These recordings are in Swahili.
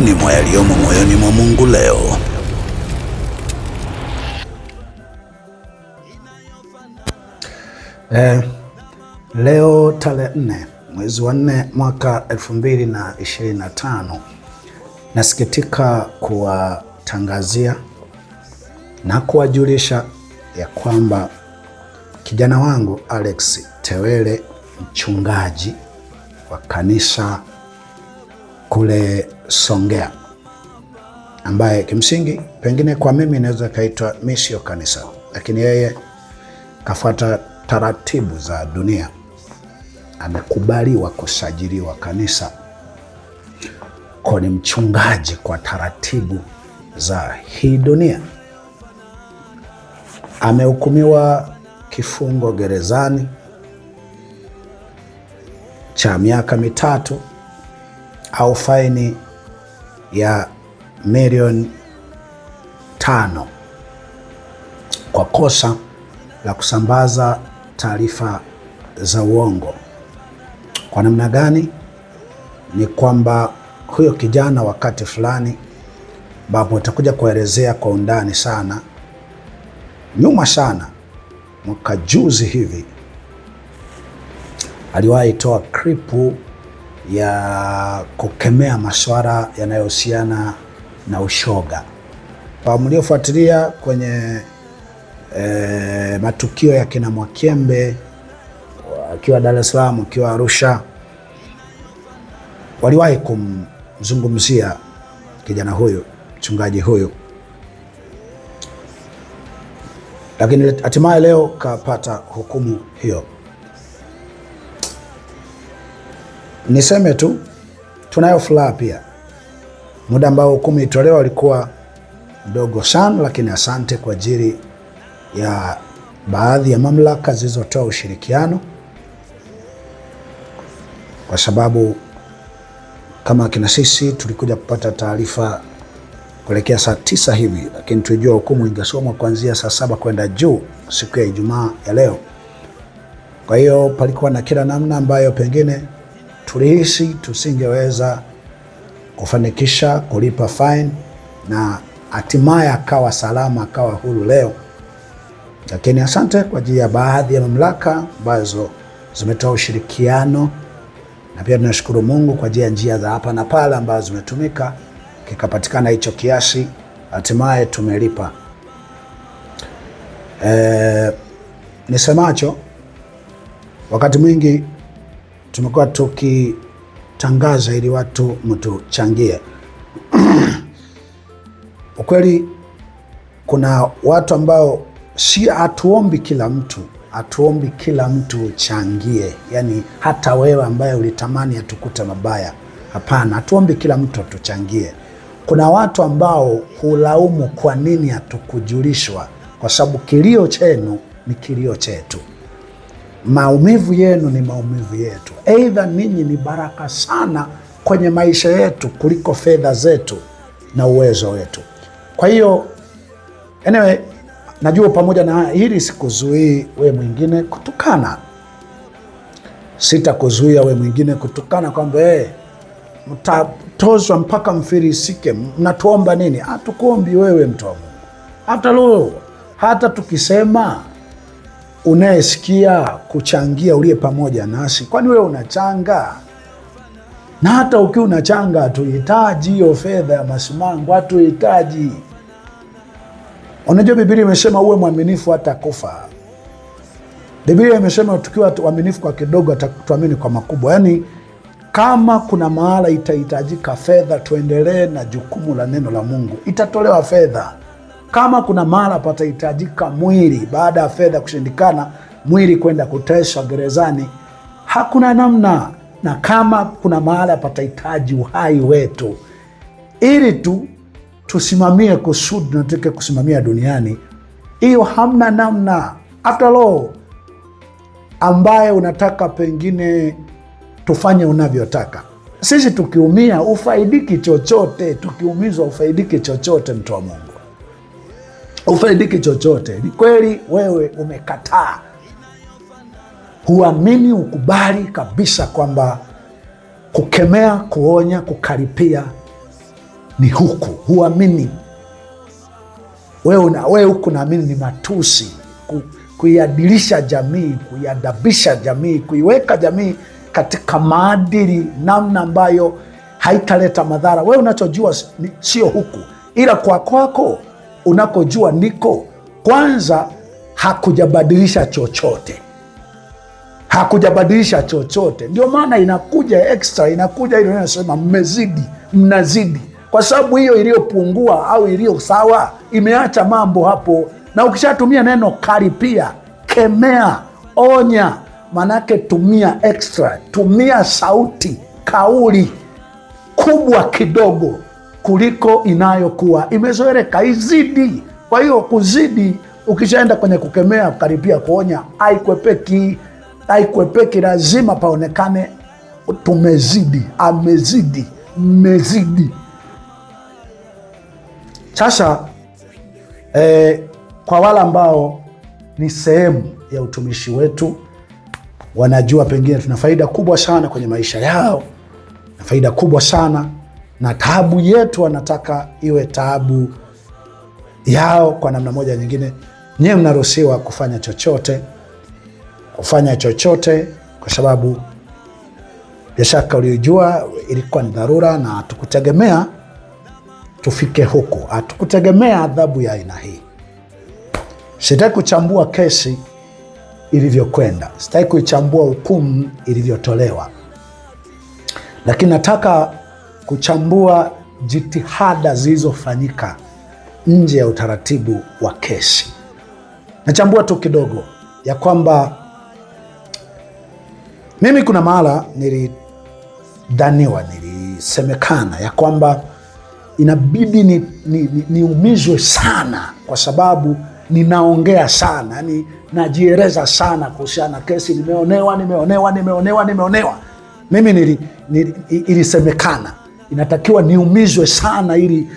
miongoni mwa yaliyomo moyoni mwa Mungu leo. Eh, leo tarehe nne mwezi wa nne mwaka elfu mbili na ishirini na tano nasikitika kuwatangazia na kuwajulisha ya kwamba kijana wangu Alex Tewele mchungaji wa kanisa kule Songea, ambaye kimsingi pengine kwa mimi inaweza kaitwa misio kanisa, lakini yeye kafuata taratibu za dunia, amekubaliwa kusajiliwa kanisa ko ni mchungaji kwa taratibu za hii dunia. Amehukumiwa kifungo gerezani cha miaka mitatu au faini ya milioni tano kwa kosa la kusambaza taarifa za uongo. Kwa namna gani? Ni kwamba huyo kijana wakati fulani, ambapo utakuja kuelezea kwa undani sana, nyuma sana, mwaka juzi hivi, aliwahi toa kripu ya kukemea maswara yanayohusiana na ushoga. Kwa mliofuatilia kwenye e, matukio ya kina Mwakyembe akiwa Dar es Salaam, akiwa Arusha, waliwahi kumzungumzia kijana huyu, mchungaji huyu, lakini hatimaye leo kapata hukumu hiyo. Niseme tu tunayo furaha pia, muda ambao hukumu itolewa ulikuwa mdogo sana, lakini asante kwa ajili ya baadhi ya mamlaka zilizotoa ushirikiano, kwa sababu kama kina sisi tulikuja kupata taarifa kuelekea saa tisa hivi, lakini tulijua hukumu ingesomwa kuanzia saa saba kwenda juu siku ya Ijumaa ya leo. Kwa hiyo palikuwa na kila namna ambayo pengine tulihisi tusingeweza kufanikisha kulipa fine na hatimaye akawa salama, akawa huru leo. Lakini asante kwa ajili ya baadhi ya mamlaka ambazo zimetoa ushirikiano, na pia tunashukuru Mungu kwa ajili ya njia za hapa na pale ambazo zimetumika, kikapatikana hicho kiasi, hatimaye tumelipa. E, nisemacho wakati mwingi tumekuwa tukitangaza ili watu mtuchangie. Ukweli kuna watu ambao si, hatuombi kila mtu, hatuombi kila mtu uchangie, yani hata wewe ambaye ulitamani atukute mabaya, hapana, hatuombi kila mtu atuchangie. Kuna watu ambao hulaumu kwa nini hatukujulishwa, kwa sababu kilio chenu ni kilio chetu maumivu yenu ni maumivu yetu. Aidha, ninyi ni baraka sana kwenye maisha yetu kuliko fedha zetu na uwezo wetu. Kwa hiyo anyway, najua pamoja na hili sikuzuii we mwingine kutukana, sitakuzuia we mwingine kutukana kwamba hey, eh, mtatozwa mpaka mfirisike. Mnatuomba nini? Hatukuombi wewe, mtu wa Mungu. Hata leo hata tukisema unayesikia kuchangia uliye pamoja nasi, kwani wewe unachanga? Na hata ukiwa unachanga, hatuhitaji hiyo fedha ya masimango, hatuhitaji. Unajua Biblia imesema uwe mwaminifu hata kufa. Biblia imesema tukiwa waaminifu kwa kidogo, atatuamini kwa makubwa. Yaani, kama kuna mahala itahitajika fedha, tuendelee na jukumu la neno la Mungu, itatolewa fedha. Kama kuna mara patahitajika mwili baada ya fedha kushindikana, mwili kwenda kuteswa gerezani, hakuna namna. Na kama kuna mahala patahitaji uhai wetu ili tu tusimamie kusudi natake kusimamia duniani, hiyo hamna namna. After all, ambaye unataka pengine tufanye unavyotaka sisi, tukiumia ufaidiki chochote, tukiumizwa ufaidiki chochote, mtu wa Mungu ufaidiki chochote. Ni kweli wewe umekataa, huamini, ukubali kabisa kwamba kukemea, kuonya, kukaripia ni huku, huamini wewe huku, naamini ni matusi, kuiadilisha jamii, kuiadabisha jamii, kuiweka jamii katika maadili, namna ambayo haitaleta madhara. Wewe unachojua sio huku, ila kwa kwako unakojua niko kwanza, hakujabadilisha chochote, hakujabadilisha chochote. Ndio maana inakuja extra, inakuja ile inasema mmezidi, mnazidi, kwa sababu hiyo iliyopungua au iliyo sawa imeacha mambo hapo. Na ukishatumia neno karipia, kemea, onya, maanake tumia extra, tumia sauti, kauli kubwa kidogo kuliko inayokuwa imezoeleka, izidi. Kwa hiyo kuzidi, ukishaenda kwenye kukemea, karibia kuonya, aikwepeki, aikwepeki, lazima paonekane tumezidi, amezidi, mmezidi. Sasa eh, kwa wale ambao ni sehemu ya utumishi wetu wanajua pengine tuna faida kubwa sana kwenye maisha yao na faida kubwa sana na taabu yetu wanataka iwe taabu yao kwa namna moja nyingine. Nyewe mnaruhusiwa kufanya chochote, kufanya chochote, kwa sababu biashaka uliojua ilikuwa ni dharura, na hatukutegemea tufike huku, hatukutegemea adhabu ya aina hii. Sitaki kuchambua kesi ilivyokwenda, sitaki kuichambua hukumu ilivyotolewa, lakini nataka kuchambua jitihada zilizofanyika nje ya utaratibu wa kesi. Nachambua tu kidogo ya kwamba mimi kuna mahala nilidhaniwa, nilisemekana ya kwamba inabidi niumizwe ni, ni, ni sana kwa sababu ninaongea sana, yani najieleza sana kuhusiana na kesi. Nimeonewa, nimeonewa, nimeonewa, nimeonewa. Mimi nili, nili, ilisemekana inatakiwa niumizwe sana ili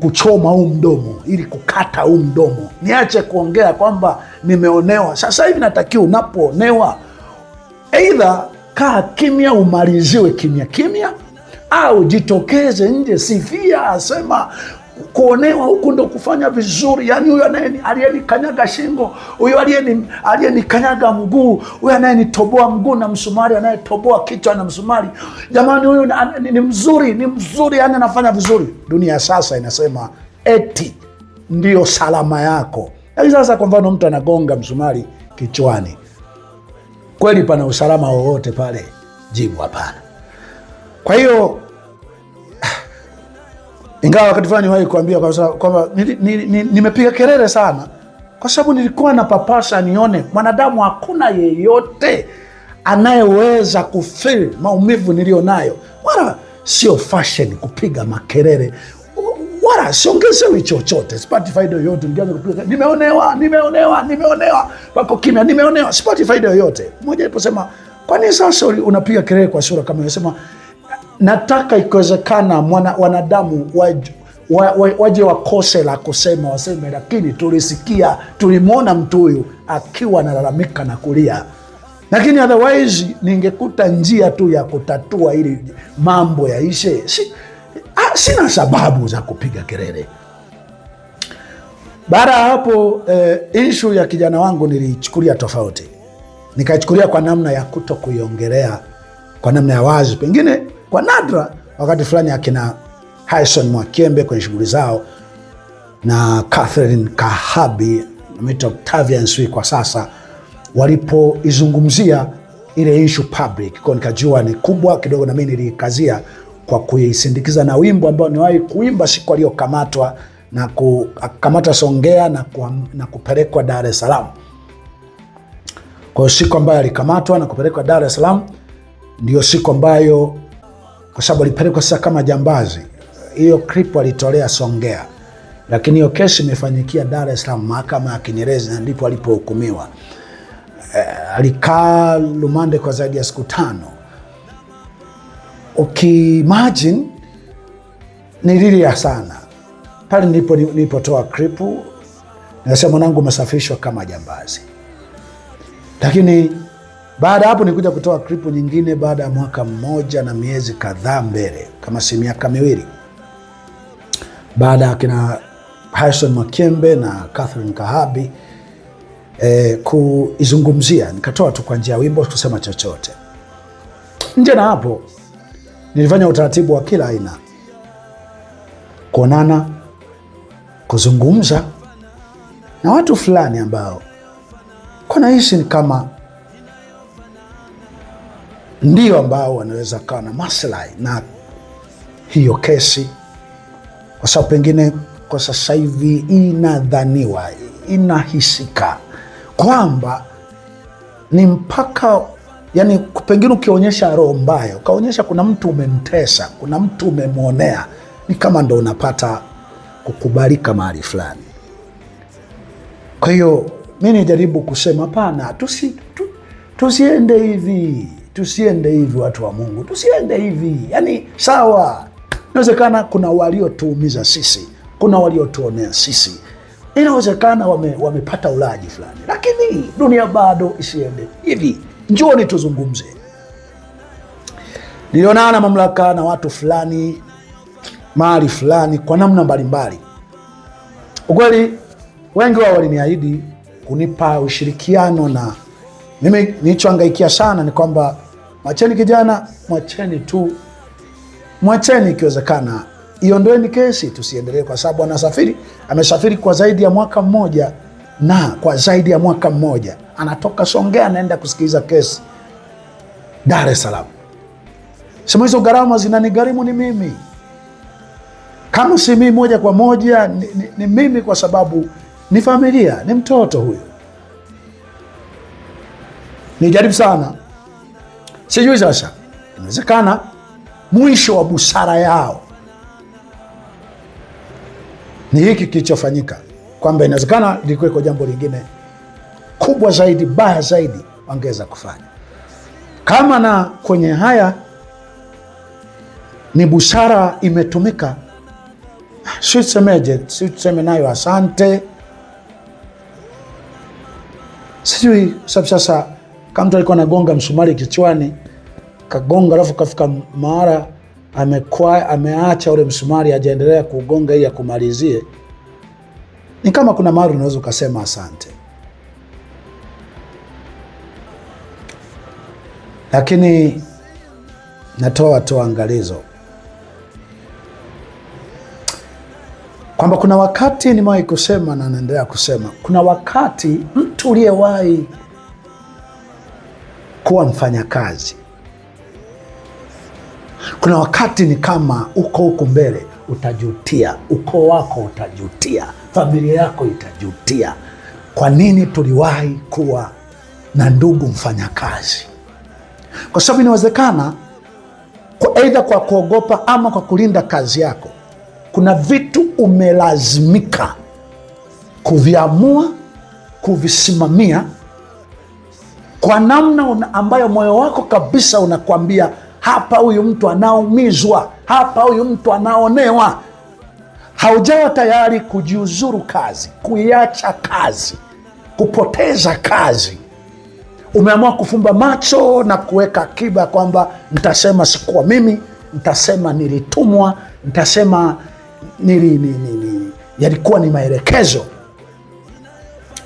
kuchoma huu mdomo, ili kukata huu mdomo, niache kuongea kwamba nimeonewa. Sasa hivi natakiwa unapoonewa, eidha kaa kimya, umaliziwe kimya kimya, au jitokeze nje, sifia, asema kuonewa huku ndo kufanya vizuri. Yani huyo aliyenikanyaga shingo, huyo aliyenikanyaga mguu, huyo anayenitoboa mguu na msumari, anayetoboa kichwa na msumari, jamani, huyu ni mzuri, ni mzuri, yani anafanya vizuri. Dunia sasa inasema eti ndiyo salama yako. Yani sasa, kwa mfano, mtu anagonga msumari kichwani, kweli pana usalama wowote pale? Jibu hapana. Kwa hiyo ingawa wakati fulani niwahi kuambia kwamba nimepiga kelele sana kwa sababu nilikuwa na papasa nione mwanadamu, hakuna yeyote anayeweza kufil maumivu niliyo nayo, wala sio fashion kupiga makelele, wala siongezewi chochote. Spotify faida yoyote nikianza kupiga nimeonewa, nimeonewa, nimeonewa, pako kimya, nimeonewa, Spotify faida yoyote. Mmoja aliposema, kwa nini sasa unapiga kelele kwa sura kama unasema nataka ikiwezekana wanadamu waje wa, wa, wakose la kusema, waseme lakini tulisikia, tulimwona mtu huyu akiwa analalamika na kulia, lakini otherwise ningekuta njia tu ya kutatua ili mambo yaishe. Si, ah, sina sababu za kupiga kelele. Baada ya hapo eh, ishu ya kijana wangu nilichukulia tofauti, nikaichukulia kwa namna ya kuto kuiongelea kwa namna ya wazi pengine kwa nadra wakati fulani akina Harrison Mwakyembe kwenye shughuli zao na Catherine Kahabi na Octavian Swi kwa sasa walipoizungumzia ile issue public, kwa nikajua ni kubwa kidogo, na mimi nilikazia kwa kuisindikiza na wimbo ambao niwahi kuimba siku aliyokamatwa na kukamata Songea na, ku, na kupelekwa Dar es Salaam. Kwa hiyo siku ambayo alikamatwa na kupelekwa Dar es Salaam ndio siku ambayo kwa sababu alipelekwa sasa kama jambazi. Hiyo clip alitolea Songea, lakini hiyo kesi imefanyikia Dar es Salaam, mahakama ya Kinyerezi, na ndipo alipohukumiwa. E, alikaa lumande kwa zaidi ya siku tano. ni nililia sana pale nilipo nilipotoa kripu, nasema mwanangu umesafirishwa kama jambazi, lakini baada ya hapo nilikuja kutoa klipu nyingine baada ya mwaka mmoja na miezi kadhaa mbele, kama si miaka miwili, baada ya kina Harrison makembe na Catherine Kahabi eh, kuizungumzia, nikatoa tu kwa njia ya wimbo, kusema chochote nje. Na hapo nilifanya utaratibu wa kila aina, kuonana, kuzungumza na watu fulani ambao kwa nahisi ni kama ndio ambao wanaweza kawa na maslahi na hiyo kesi, kwa sababu pengine kwa sasa hivi inadhaniwa, inahisika kwamba ni mpaka yani, pengine ukionyesha roho mbaya, ukaonyesha kuna mtu umemtesa, kuna mtu umemwonea, ni kama ndo unapata kukubalika mahali fulani. Kwa hiyo mi nijaribu kusema hapana, tusiende tu, tusi hivi tusiende hivi, watu wa Mungu, tusiende hivi. Yani sawa, inawezekana kuna waliotuumiza sisi, kuna waliotuonea sisi, inawezekana wame, wamepata ulaji fulani, lakini dunia bado isiende hivi. Njoni tuzungumze. Nilionana mamlaka na watu fulani mali fulani kwa namna mbalimbali. Ukweli wengi wao waliniahidi kunipa ushirikiano, na mimi nilichohangaikia sana ni kwamba Mwacheni kijana, mwacheni tu, mwacheni ikiwezekana, iondoeni kesi, tusiendelee, kwa sababu anasafiri, amesafiri kwa zaidi ya mwaka mmoja, na kwa zaidi ya mwaka mmoja anatoka Songea anaenda kusikiliza kesi Dar es Salaam. Sema hizo gharama zinanigharimu ni mimi, kama si mimi moja kwa moja ni, ni, ni mimi, kwa sababu ni familia, ni mtoto huyo. Nijaribu sana Sijui sasa, inawezekana mwisho wa busara yao ni hiki kilichofanyika, kwamba inawezekana lilikuweko jambo lingine kubwa zaidi, baya zaidi wangeweza kufanya. Kama na kwenye haya ni busara imetumika, si tusemeje? Si tuseme nayo asante, sijui sababu sasa kama mtu alikuwa anagonga msumari kichwani, kagonga alafu kafika mara amekwa ameacha ule msumari ajaendelea kugonga ili akumalizie, ni kama kuna mara unaweza ukasema asante. Lakini natoa toa angalizo kwamba kuna wakati nimewahi kusema na naendelea kusema, kuna wakati mtu uliyewahi kuwa mfanyakazi. Kuna wakati ni kama uko huku mbele, utajutia, ukoo wako utajutia, familia yako itajutia, kwa nini tuliwahi kuwa na ndugu mfanyakazi? Kwa sababu inawezekana aidha kwa kuogopa ama kwa kulinda kazi yako, kuna vitu umelazimika kuviamua, kuvisimamia kwa namna una ambayo moyo wako kabisa unakwambia hapa, huyu mtu anaumizwa, hapa huyu mtu anaonewa. Haujawa tayari kujiuzuru kazi, kuiacha kazi, kupoteza kazi. Umeamua kufumba macho na kuweka akiba kwamba ntasema sikuwa mimi, ntasema nilitumwa, ntasema nili, nili, nili, yalikuwa ni maelekezo,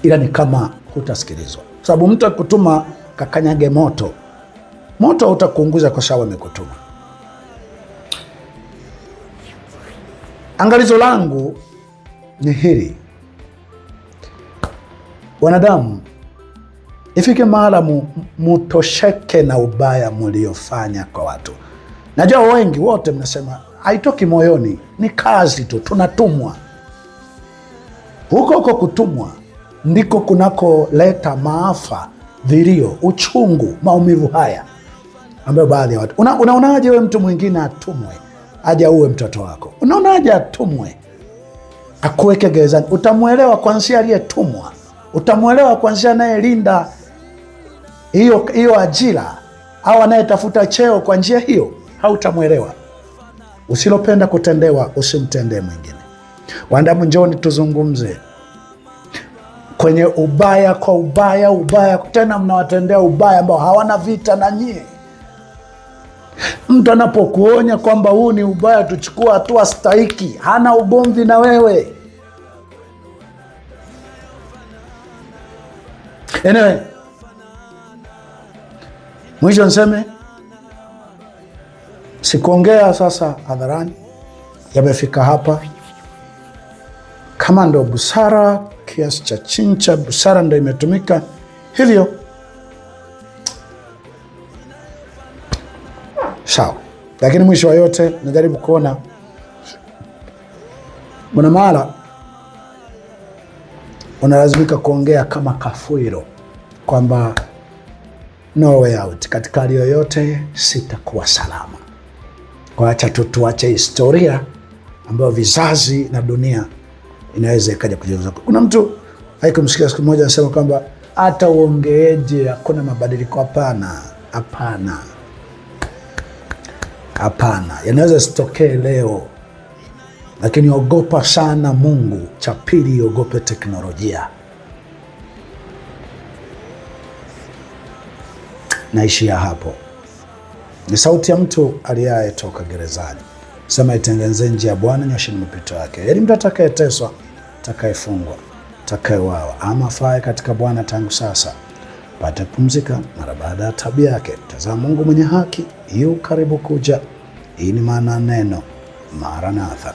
ila ni kama hutasikilizwa sababu mtu akutuma kakanyage moto, moto utakuunguza kwa sababu amekutuma. Angalizo langu ni hili, wanadamu, ifike mahala mutosheke na ubaya mliofanya kwa watu. Najua wengi wote mnasema haitoki moyoni, ni kazi tu, tunatumwa huko huko kutumwa ndiko kunakoleta maafa, vilio, uchungu, maumivu haya ambayo baadhi ya watu. Unaonaje una we mtu mwingine atumwe aje auwe mtoto wako? Unaonaje atumwe akuweke gerezani? Utamwelewa kwanzia aliyetumwa, utamwelewa kwanzia anayelinda hiyo hiyo ajira au anayetafuta cheo kwa njia hiyo, hautamwelewa. Usilopenda kutendewa usimtendee mwingine. Wandamu, njoni tuzungumze kwenye ubaya kwa ubaya, ubaya tena, mnawatendea ubaya ambao hawana vita na nyie. Mtu anapokuonya kwamba huu ni ubaya, tuchukua hatua stahiki, hana ugomvi na wewe enyewe. Mwisho nseme sikuongea sasa hadharani, yamefika hapa. Kama ndo busara kiasi cha chini cha busara ndo imetumika hivyo. Sawa, lakini mwisho wa yote najaribu kuona Bwana Mara unalazimika kuongea kama Kafuiro kwamba no way out, katika hali yoyote sitakuwa salama. Kwa acha tutuache historia ambayo vizazi na dunia inaweza ikaja kujitokeza. Kuna mtu haikumsikia siku moja anasema kwamba hata uongeeje hakuna mabadiliko. Hapana, hapana, hapana, yanaweza sitokee leo, lakini ogopa sana Mungu. Cha pili, ogope teknolojia. Naishia hapo. Ni sauti ya mtu aliyetoka gerezani, sema itengenze njia ya Bwana, nyosheni mapito yake, ili mtu atakayeteswa atakayefungwa, atakayewawa ama afaye katika Bwana tangu sasa pate kupumzika mara baada ya tabu yake. Tazama, Mungu mwenye haki yu karibu kuja. Hii ni maana neno Maranatha.